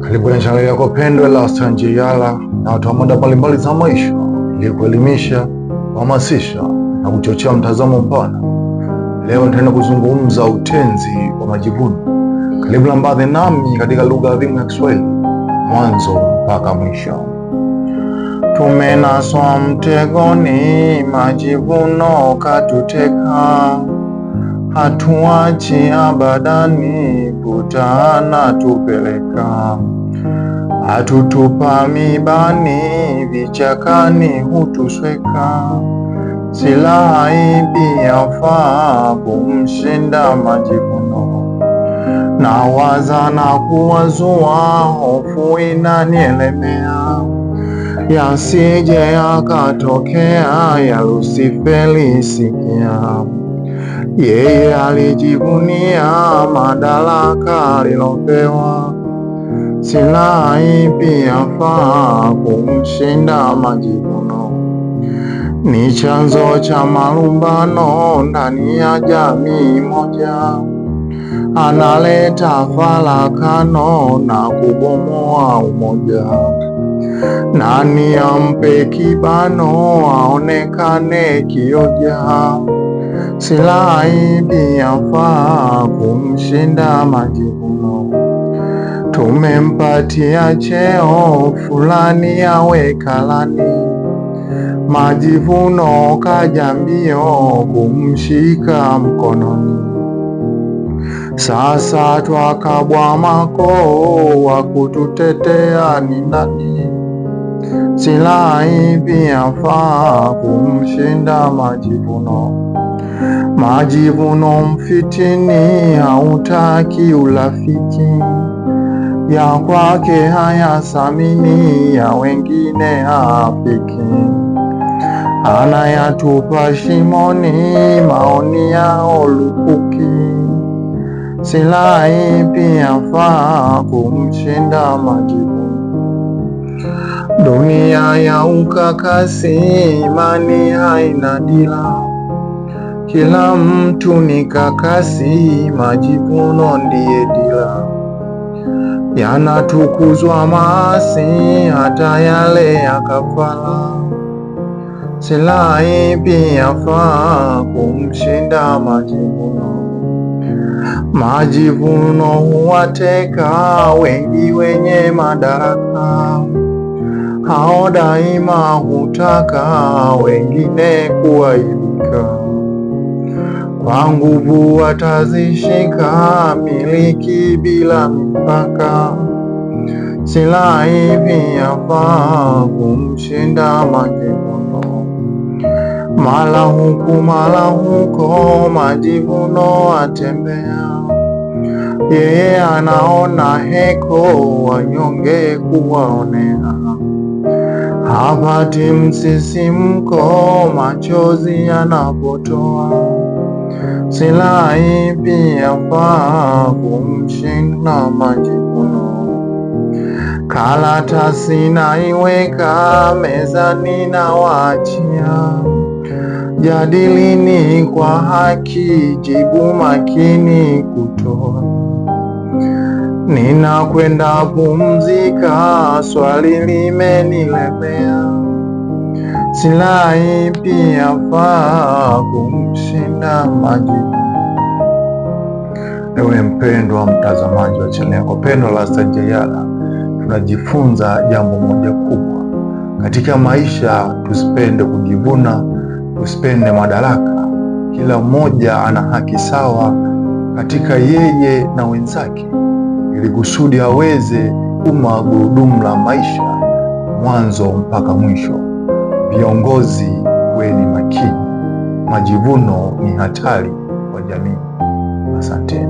Karibu kwenye chaneli yako pendwa la Sanjiyala na watu wa mada mbalimbali za maisha ili kuelimisha, kuhamasisha na kuchochea mtazamo mpana. Leo nitaenda kuzungumza utenzi wa majivuno. Karibu na mbadhi nami katika lugha adhimu ya Kiswahili mwanzo mpaka mwisho. Tumenaswa mtegoni, majivuno katuteka, hatuachi abadani kutana tupeleka, atutupa mibani, vichakani hutusweka. Silaha ipi yafaa kumshinda majivuno? waza na kuwazua, hofu inanielemea, yasije yakatokea ya Lusifeli sikia yeye alijivunia madaraka alilopewa, silaha ipi yafaa kumshinda majivuno? Ni chanzo cha malumbano ndani ya jamii moja, analeta farakano na kubomoa umoja. Nani ampe kibano aonekane kioja? Silaha ipi yafaa kumshinda majivuno? Tumempatia cheo fulani awe karani, majivuno kaja mbio kumshika mkononi. Sasa twakabwa mako wa kututetea ni nani? Silaha ipi yafaa kumshinda majivuno? majivuno mfitini, hautaki urafiki ya kwake samini ya wengine haafiki. Anayatupa shimoni, maoni yao lukuki. Silaha ipi faa kumshinda majibu? Dunia ya ukakasi, imani haina dila kila mtu ni kakasi, majivuno ndiye dila. Yanatukuzwa maasi, hata yale ya kafara. Silaha ipi yafaa kumshinda majivuno? Majivuno huwateka wengi wenye madaraka. Hao daima hutaka wengine kuaibika kwa nguvu watazishika miliki bila mipaka. Silaha hivi yafaa kumshinda majivuno, mala huku mala huko, majivuno atembea yeye, anaona heko wanyonge kuwaonea, hapati msisimko machozi anapotoa Silaha ipi yafaa kumshinda majivuno? Karatasi naiweka mezani, nawaachia. Jadilini kwa haki, jibu makini kutoa. Ninakwenda pumzika, swali limenilemea. Silaha ipi yafaa kumshinda maji Ewe mpendwa mtazamaji wa chaneli yako pendo la Sanjayala, tunajifunza jambo moja kubwa katika maisha. Tusipende kujivuna, tusipende madaraka. Kila mmoja ana haki sawa katika yeye na wenzake, ili kusudi aweze kuma gurudumu la maisha mwanzo mpaka mwisho. Viongozi kuweni makini, majivuno ni hatari kwa jamii. Asante.